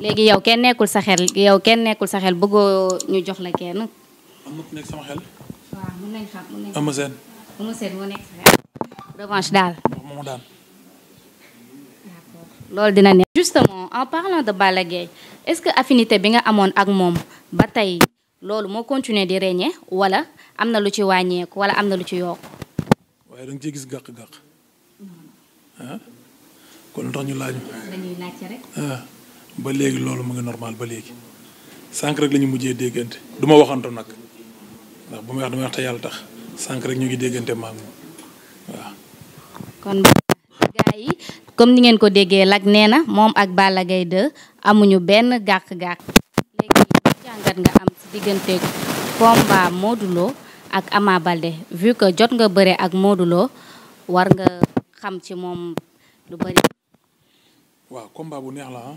léegi yow kenn nekul sa xel yow kenn nekul sa xel bëggo ñu jox la kenn. amut nek sama xel. waaw mu nañ xam mu nañ amusen sa xel. revanche dal moo daan. loolu dina ne. justement en parlant de Balla Gaye est-ce que affinité bi nga amone ak mom ba tay loolu mo continuer di régner wala amna lu ci ko wala amna lu ci yokk. way dang ci gis gàq-gàq. ah kon tax ñu laaj. dañuy laajte rek. Ah. ba léegi loolu mu ngi normal ba léegi sànq lañu la mujjee déggante du ma waxantu nag ndax bu may wax dama wax yàlla tax sànq rek ñu ngi déggante maam waaw. kon gars comme ni ngeen ko déggee Lac nee na moom ak Balla Gaye amuñu benn gàkk-gàkk diggante combat ak Ama jot nga bëre ak Modou war nga xam ci moom lu bëri. waaw bu neex la ah.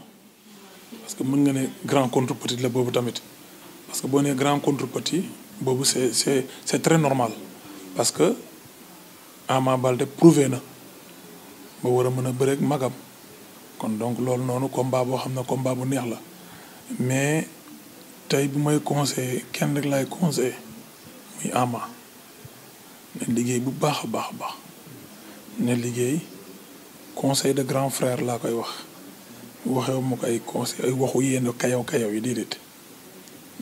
parce que je grand contre petit la bobu tamit parce que grand contre petit bobu c'est très normal parce que Ama Balde prouvé na ba a magam kon donc lool combat combat bu neex la mais tay bu may Ama ne conseil de grand frère la koy waxewu ma ko ay conseil ay waxu yenn kayaw kayaw yi déedéet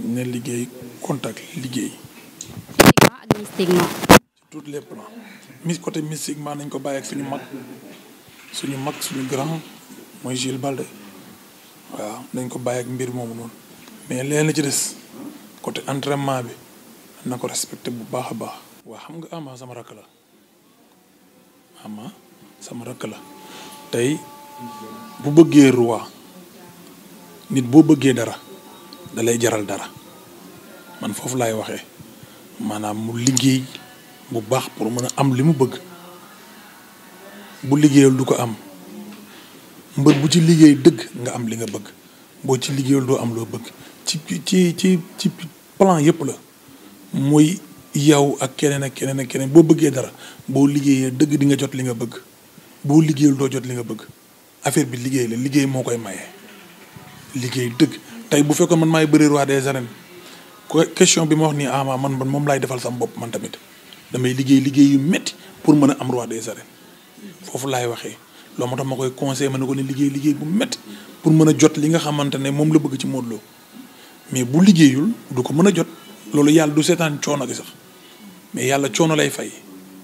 ne liggéey contact liggéey. mystiquement ak mystiquement. les plans mi côté mystiquement nañ ko bàyyi suñu mag suñu mag suñu grand mooy Gilles Balde waaw nañ ko bàyyeek mbir moomu noonu mais leen la ci des côté entraînement bi na ko respecté bu baax a baax. waa xam nga Ama sama rakk la Ama sama rakk la tey. bu bëggee roi nit boo bëggee dara dalay jaral dara man foofu laay waxee maanaam mu liggéey bu baax pour mën a am li mu bëgg bu liggéeyal du ko am mbër bu ci liggéey dëgg nga am li nga bëgg boo ci liggéeyal doo am loo bëgg ci ci ci ci plan yëpp la muy yow ak keneen ak keneen ak keneen boo bëggee dara boo liggéeyee dëgg di nga jot li nga bëgg boo liggéeyal doo jot li nga bëgg affaire bi liggéey la liggéey moo koy maye liggéey dëgg tey bu fekkoon man maay bëri roi des arènes question bi ma wax nii ama ah, man man moom laay defal sama bopp man tamit damay liggéey liggéey yu métti pour mën a am roi des arènes foofu laay waxee loolu moo tax ma koy conseil ma ne ko ne liggéey liggéey bu métti pour mën a jot li nga xamante ne moom la bëgg ci Modou Lo mais bu liggéeyul du ko mën a jot loolu yàlla du seetaan coono gi sax mais yàlla coono lay fay.